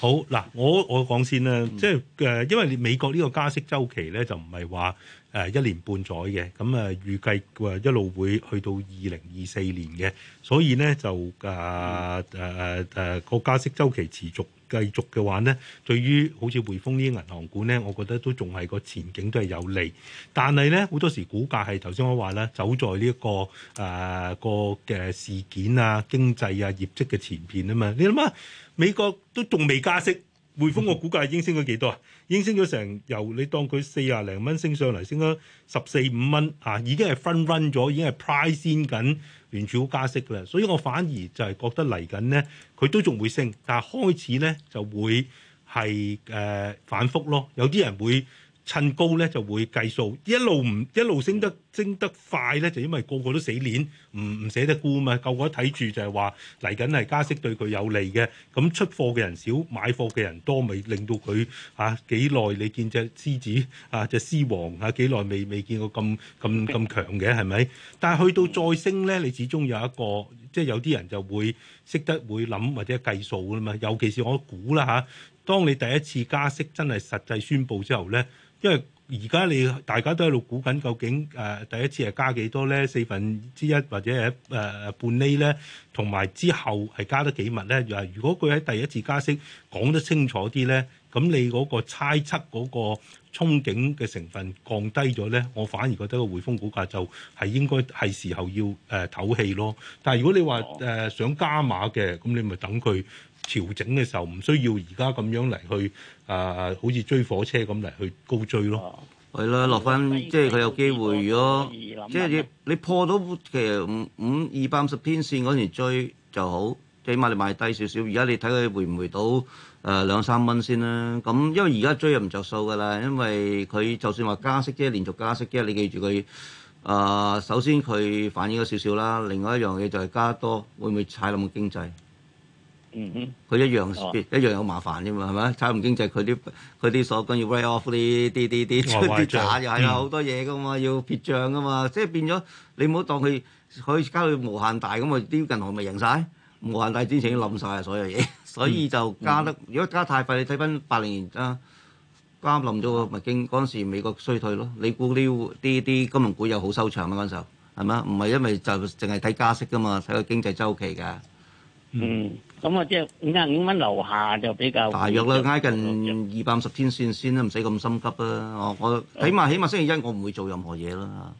好嗱，我我講先啦，嗯、即係誒、呃，因為美國呢個加息周期咧就唔係話誒一年半載嘅，咁啊、呃、預計話、呃、一路會去到二零二四年嘅，所以咧就誒誒誒個加息周期持續。繼續嘅話咧，對於好似匯豐呢啲銀行股咧，我覺得都仲係個前景都係有利。但係咧，好多時股價係頭先我話啦，走在呢、這、一個誒、呃那個嘅事件啊、經濟啊、業績嘅前邊啊嘛。你諗下，美國都仲未加息，匯豐個股價已經升咗幾多，嗯、多啊？已經升咗成由你當佢四十零蚊升上嚟，升咗十四五蚊啊，已經係 front run 咗，已經係 price in 緊。聯儲會加息啦，所以我反而就係覺得嚟緊咧，佢都仲會升，但係開始咧就會係誒、呃、反覆咯，有啲人會。趁高咧就會計數，一路唔一路升得升得快咧，就因為個個都死鏈，唔唔捨得沽嘛，個個都睇住就係話嚟緊係加息對佢有利嘅。咁出貨嘅人少，買貨嘅人多，咪令到佢嚇幾耐，你見隻獅子啊，隻獅王嚇幾耐未未見過咁咁咁強嘅係咪？但係去到再升咧，你始終有一個即係、就是、有啲人就會識得會諗或者計數噶嘛。尤其是我估啦嚇，當你第一次加息真係實際宣佈之後咧。因為而家你大家都喺度估緊，究竟誒第一次係加幾多咧？四分之一或者係誒半釐咧，同埋之後係加得幾密咧？又係如果佢喺第一次加息講得清楚啲咧，咁你嗰個猜測嗰個憧憬嘅成分降低咗咧，我反而覺得個匯豐股價就係應該係時候要誒唞氣咯。但係如果你話誒想加碼嘅，咁你咪等佢。調整嘅時候唔需要而家咁樣嚟去啊、呃！好似追火車咁嚟去高追咯，係啦、啊，落翻、 啊、即係佢有機會如果即係意你、啊、你破到其實五五二百五十天線嗰陣追就好，起碼你買低少少。而家你睇佢回唔回到誒、呃、兩三蚊先啦。咁因為而家追又唔着數㗎啦，因為佢就算話加息啫，即係、連續加息啫，你記住佢啊、呃，首先佢反映咗少少啦。另外一樣嘢就係加多會唔會踩冧經濟？嗯哼，佢一樣、啊、一樣有麻煩啫掉嘛，係咪、嗯？差唔經濟佢啲佢啲鎖金要 write off 啲啲啲出啲假又係啦，好多嘢噶嘛，要撇帳噶嘛，即係變咗你唔好當佢佢加佢無限大咁啊，啲銀行咪贏晒，無限大之前已經冧晒所有嘢， 所以就加得、嗯、如果加太快，你睇翻八零年啦，啱冧咗咪經嗰陣時美國衰退咯，你估啲啲啲金融股又好收場啦嗰陣時候，係咪啊？唔係因為就淨係睇加息噶嘛，睇個經濟周期㗎。嗯，咁啊、就是，即係五廿五蚊樓下就比較大約啦，挨近二百五十天線先啦，唔使咁心急啦。我， 我起碼起碼星期一我唔會做任何嘢啦。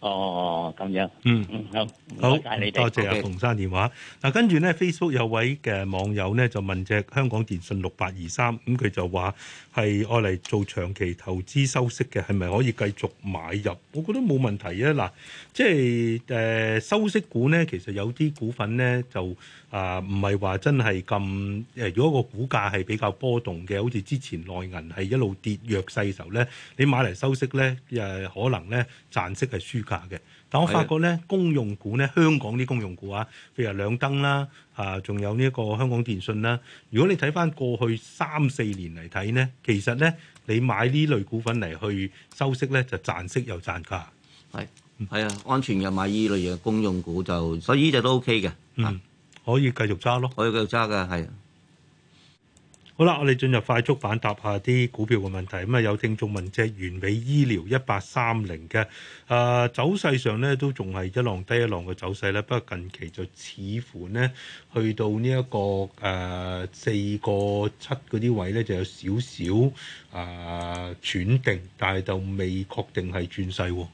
哦，咁樣，嗯，好，多謝你，多謝阿馮生電話。嗱，跟住咧，Facebook 有位嘅網友咧就問隻香港電信六八二三，咁佢就話係愛嚟做長期投資收息嘅，係咪可以繼續買入？我覺得冇問題啊。嗱，即係誒，收息股咧，其實有啲股份咧就啊，唔係話真係咁誒。如果個股價係比較波動嘅，好似之前內銀係一路跌弱勢嘅時候咧，你買嚟收息咧誒，可能咧賺息係輸。價嘅，但我發覺咧，公用股咧，香港啲公用股啊，譬如兩燈啦，啊，仲有呢一個香港電信啦。如果你睇翻過去三四年嚟，睇咧，其實咧你買呢類股份嚟去收息咧，就賺息又賺價。係係啊，安全又買依類嘅公用股就，所以依隻都 OK 嘅。嗯，可以繼續揸咯，可以繼續揸噶，係。好啦，我哋進入快速反答一下啲股票嘅問題。咁、嗯、啊，有聽眾問隻完美醫療一八三零嘅，誒、呃、走勢上咧都仲係一浪低一浪嘅走勢咧。不過近期就似乎咧去到、這個呃、呢一個誒四個七嗰啲位咧就有少少誒轉、呃、定，但係就未確定係轉勢。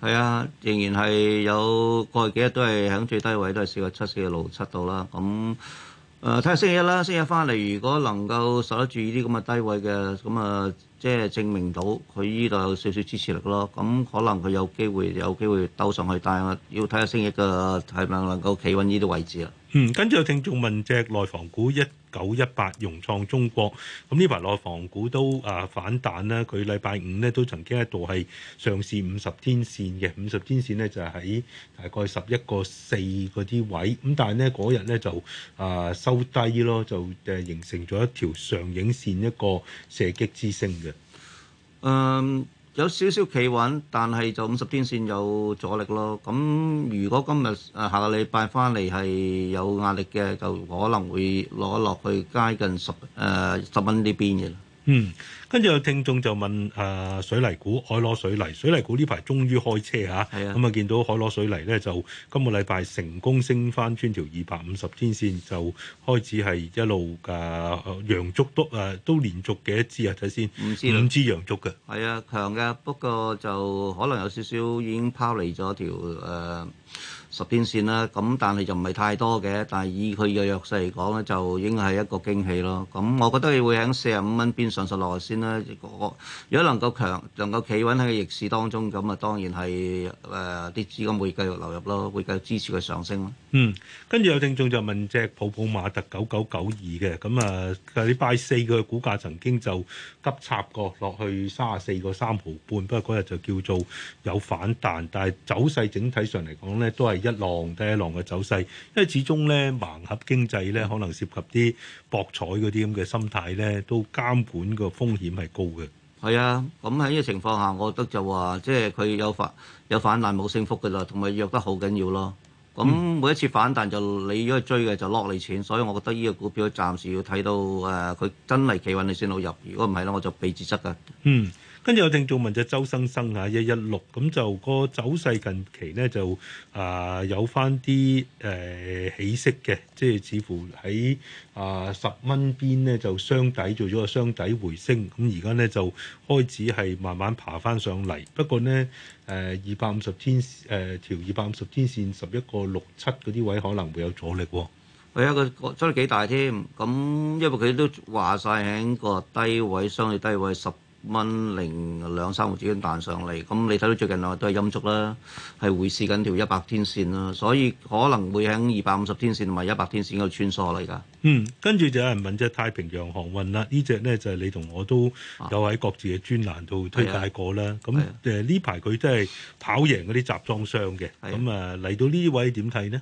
係啊，仍然係有過去幾日都係喺最低位，都係四個七四個六七度啦。咁。誒睇下星期一啦，星期一返嚟如果能夠守得住呢啲咁嘅低位嘅，咁啊即係證明到佢呢度有少少支持力咯。咁可能佢有機會有機會兜上去，但係要睇下星期一嘅係咪能夠企穩呢啲位置。嗯，跟住有聽眾問隻內房股一九一八融創中國，咁呢排內房股都啊、呃、反彈啦，佢禮拜五咧都曾經一度係上試五十天線嘅，五十天線咧就喺、是、大概十一個四嗰啲位，咁、嗯、但係咧嗰日咧就啊、呃、收低咯，就誒形成咗一條上影線一個射擊之星嘅，嗯、um。有少少企穩，但係就五十天線有阻力咯。咁如果今日誒、呃、下個禮拜翻嚟係有壓力嘅，就可能會攞落，落去接近十誒、呃、十蚊呢邊嘅嗯。跟住有聽眾就問：誒、啊、水泥股海螺水泥，水泥股呢排終於開車嚇、啊，咁啊就見到海螺水泥咧就今個禮拜成功升翻穿條二百五十天線，就開始係一路嘅陽燭多誒，都連續一支啊睇先，五支五支陽燭嘅，係啊強嘅，不過就可能有少少已經拋離咗條誒十天線啦，咁但係就唔係太多嘅，但係以佢嘅弱勢嚟講咧，就已經係一個驚喜咯。咁我覺得佢會喺四十五蚊邊上落落先啦。如果能夠強能夠企穩喺個逆市當中，咁啊當然係誒啲資金會繼續流入咯，會繼續支持佢上升咯。嗯，跟住有聽眾就問隻泡泡瑪特九九九二嘅，咁、嗯、啊，佢禮拜四嘅股價曾經就急插過落去三十四個三毫半，不過嗰日就叫做有反彈，但係走勢整體上嚟講咧，都係一浪低一浪嘅走勢，因為始終咧盲盒經濟咧，可能涉及啲博彩嗰啲咁嘅心態咧，都監管個風險。點係高嘅？係啊，咁喺呢個情況下，我覺得就話，即係佢有反彈有反彈冇升幅噶啦，同埋弱得好緊要咯。咁每一次反彈，就你如果追嘅就落你錢，所以我覺得呢個股票暫時要睇到誒，佢、呃、真係企穩你先好入。如果唔係咧，我就避之則噶。嗯。跟住有聽眾問就周生生嚇一一六咁就、個走勢近期咧就啊、呃、有翻啲誒起色嘅，即係似乎喺啊、呃、十蚊邊咧就雙底做咗個雙底回升，咁而家咧就開始係慢慢爬翻上嚟。不過呢，誒二百五十天誒條二百五十天線十一個六七嗰啲位可能會有阻力喎、哦。係一個阻力幾大添？咁、嗯、因為佢都話晒，喺個低位，雙底低位十蚊零兩三個點彈上嚟，咁你睇到最近啊都係陰燭啦，係回試緊條一百天線啦，所以可能會喺二百五十天線同埋一百天線嗰度穿梭嚟㗎。嗯，跟住就有人問隻太平洋航運啦，呢隻呢，就係你同我都有喺各自嘅專欄度推介過啦。咁誒呢排佢真係跑贏嗰啲集裝箱嘅，咁啊嚟、啊、到呢位點睇呢？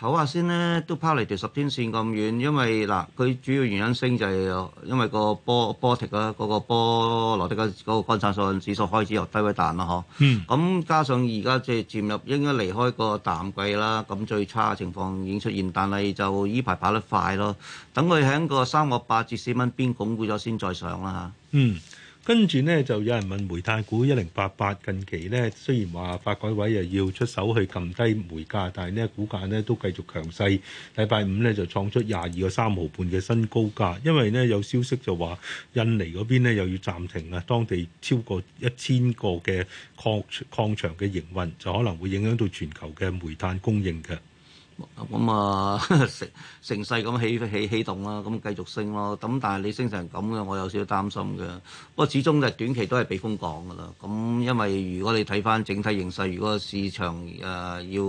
唞下先咧，都拋離條十天線咁遠，因為嗱，佢主要原因升就係因為個波波跌啦，嗰、嗯、個波羅的、那個嗰個乾散貨指數開始又低位彈啦，嗬。嗯。咁加上而家即係進入應該離開個淡季啦，咁最差嘅情況已經出現，但係就依排跑得快咯。等佢喺個三個八至四蚊邊鞏固咗先再上啦嚇。嗯。跟住咧就有人問煤炭股一零八八近期咧雖然話發改委又要出手去撳低煤價，但係呢，股價咧都繼續強勢。禮拜五咧就創出廿二個三毫半嘅新高價，因為呢，有消息就話印尼嗰邊咧又要暫停啊，當地超過一千個嘅礦礦場嘅營運，就可能會影響到全球嘅煤炭供應嘅。咁啊，成成勢咁起起起動啦，咁繼續升咯。咁但係你升成咁嘅，我有少少擔心嘅。不過始終就係短期都係避風港噶啦。咁因為如果你睇翻整體形勢，如果個市場誒、啊、要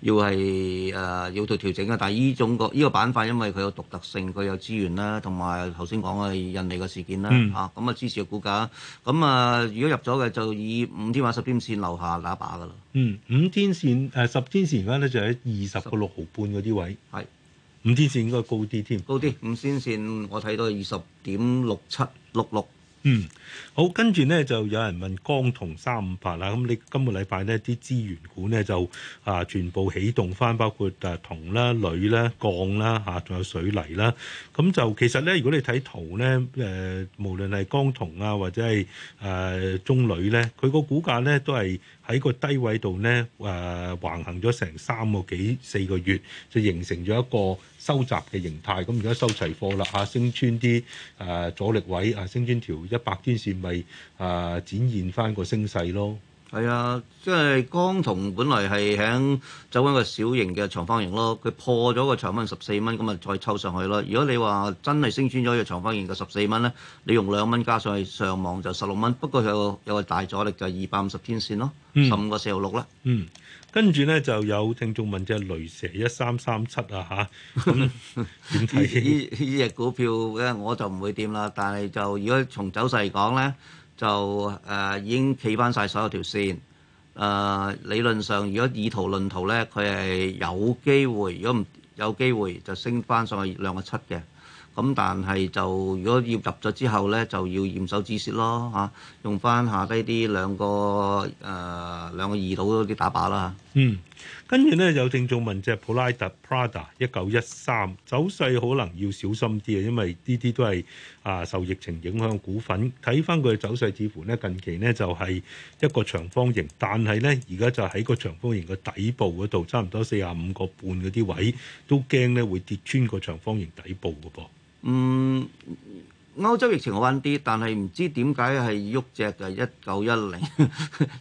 要係誒、啊、要做調整啊，但係呢種、個呢個板塊，因為佢有獨特性，佢有資源啦，同埋頭先講嘅印尼嘅事件啦，嚇咁、嗯、啊支持個股價。咁啊，如果入咗嘅就以五天或十天線留下打靶噶啦。嗯，五天線誒、呃、十天線而家咧就喺二十個六毫半嗰啲位，係是五天線應該高啲添，高啲，五天線我睇到二十點六七六六。嗯，好，跟住咧就有人問江銅三五八啦，咁你今個禮拜咧啲資源股咧就啊全部起動翻，包括啊銅啦、鋁啦、鋼啦嚇，仲有水泥啦，咁就其實咧如果你睇圖咧誒、呃，無論係江銅啊或者係、呃、中鋁咧，佢個股價咧都係喺個低位度咧誒橫行咗成三個幾四個月，就形成咗一個。收集嘅形態，咁而家收齊貨啦嚇、啊，升穿啲誒阻力位，啊升穿條一百天線咪誒、呃、展現翻個升勢咯。係啊，即係光同本來係喺走緊個小型嘅長方形咯，佢破咗個長方十四蚊，咁啊再抽上去咯。如果你話真係升穿咗個長方形嘅十四蚊咧，你用兩蚊加上去上望就十六蚊，不過有個有個大阻力就係二百五十天線咯，十五個四號六啦。嗯。跟住咧就有聽眾問隻、就是、雷蛇一三三七啊嚇，點、嗯、睇？呢呢隻股票咧我就唔會掂啦，但係就如果從走勢嚟講咧，就誒、呃、已經企翻晒所有條線。誒、呃、理論上如果以圖論圖咧，佢係有機會。如果唔有機會，就升翻上去兩個七嘅。咁但係就如果要入咗之後咧，就要嚴守止蝕咯嚇、啊，用翻下低啲兩個誒、呃、兩個二佬嗰啲打靶啦。嗯，跟住咧有聽眾問隻普拉達 Prada 一九一三走勢可能要小心啲啊，因為呢啲都係啊受疫情影響股份。睇翻佢嘅走勢似乎咧，近期呢就係、是、一個長方形，但係咧而家就喺個長方形嘅底部嗰度，差唔多四十五個半嗰啲位，都驚咧會跌穿個長方形底部嘅噃。嗯，歐洲疫情好彎啲，但係唔知點解係喐隻嘅一九一零，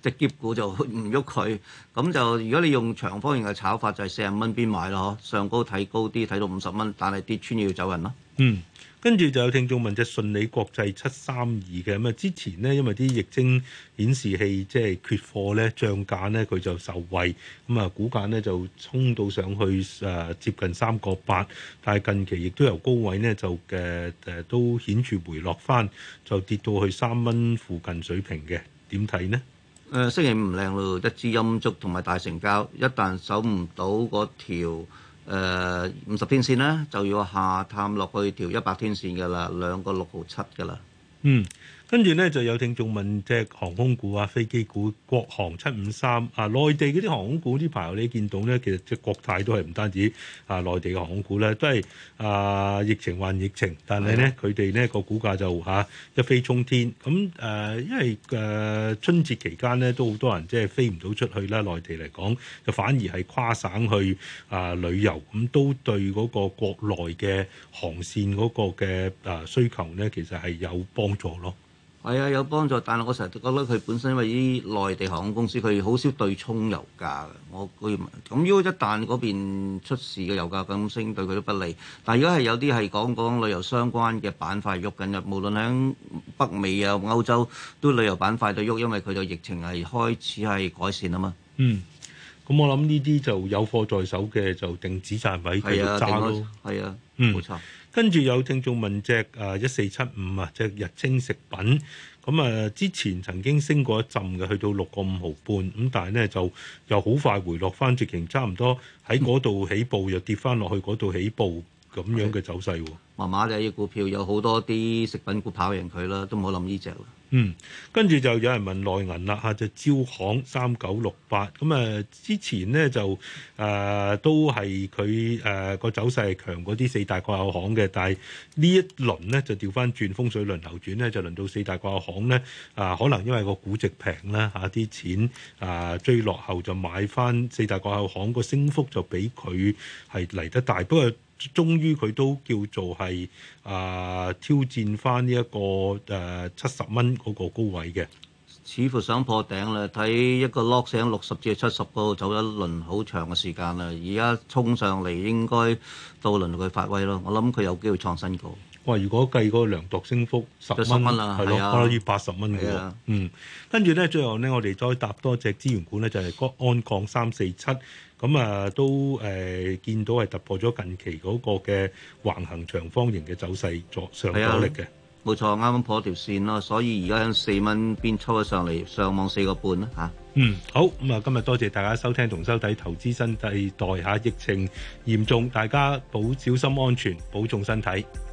直接股就唔喐佢。咁就如果你用長方形嘅炒法，就係四十蚊邊買咯，上高睇高啲，睇到五十蚊，但係跌穿要走人咯。嗯。跟住就有聽眾問隻信利國際七三二嘅咁啊，之前呢，因為啲液晶顯示器即係缺貨咧漲價咧佢就受惠，咁、嗯、啊股價咧就衝到上去誒、呃、接近三個八，但係近期亦都由高位呢，就嘅誒、呃、都顯著回落翻，就跌到去三蚊附近水平嘅，點睇呢？誒星期五靚咯，一支陰燭同埋大成交，一旦守唔到嗰條。誒，五十、uh, 天線咧就要下探落去條一百天線嘅啦，兩個六毫七嘅啦。嗯。跟住咧，就有聽眾問，即係航空股啊、飛機股、國航七五三啊，內地嗰啲航空股啲朋友你見到咧，其實即係國泰都係唔單止啊內地嘅航空股咧，都係啊疫情還疫情，但係咧佢哋呢，呢個股價就嚇、啊、一飛沖天。咁誒、啊，因為誒、啊、春節期間咧，都好多人即係飛唔到出去啦，內地嚟講就反而係跨省去啊旅遊，咁都對嗰個國內嘅航線嗰個嘅誒需求咧，其實係有幫助咯。係啊，有幫助，但係我成日覺得佢本身因為啲內地航空公司，佢好少對沖油價嘅。我估咁，如果一旦嗰邊出事嘅油價咁升，對佢都不利。但係而家係有啲係講講旅遊相關嘅板塊喐緊嘅，無論喺北美啊、歐洲，都旅遊板塊都喐，因為佢就疫情係開始係改善啊嘛。嗯，咁我諗呢啲就有貨在手嘅就定止賺位繼續啊，揸咯。係啊，冇錯。跟住有聽眾問隻，啊一四七五啊隻日清食品，咁啊之前曾經升過一陣嘅，去到六個五毫半，咁但係咧就又好快回落翻，直情差唔多喺嗰度起步，嗯、又跌翻落去嗰度起步咁樣嘅走勢。麻麻哋，啲股票有好多啲食品股跑贏佢啦，都唔好諗呢隻。嗯，跟住就有人問內銀啦嚇、啊，就是、招行三九六八咁啊，之前咧就誒、呃、都係佢誒個走勢係強過啲四大國有行嘅，但係呢一輪咧就調翻轉，風水輪流轉咧，就輪到四大國有行咧啊，可能因為個估值平啦嚇，啲、啊、錢啊追落後就買翻四大國有行個升幅就比佢係嚟得大，不過。終於佢都叫做係啊挑戰翻呢一個誒七十蚊嗰個高位嘅，似乎想破頂啦！睇一個 lock 升六十至七十嗰度走一輪好長嘅時間啦，而家衝上嚟應該到輪佢發威咯！我諗佢有機會創新高。哇、哦！如果計嗰個量度升幅十蚊、啊，係咯，可以八十蚊嘅。嗯，跟住咧，最後呢，我哋再搭多隻資源股咧，就係、是、鞍鋼三四七。咁啊、嗯，都誒、呃、見到係突破咗近期嗰個嘅橫行長方形嘅走勢作上阻力嘅，冇錯，啱啱破咗條線咯，所以而家喺四蚊邊抽咗上嚟，上網四個半啦嚇。啊、嗯，好，咁、嗯、啊，今日多謝大家收聽同收睇《投資新世代》，下疫情嚴重，大家保小心安全，保重身體。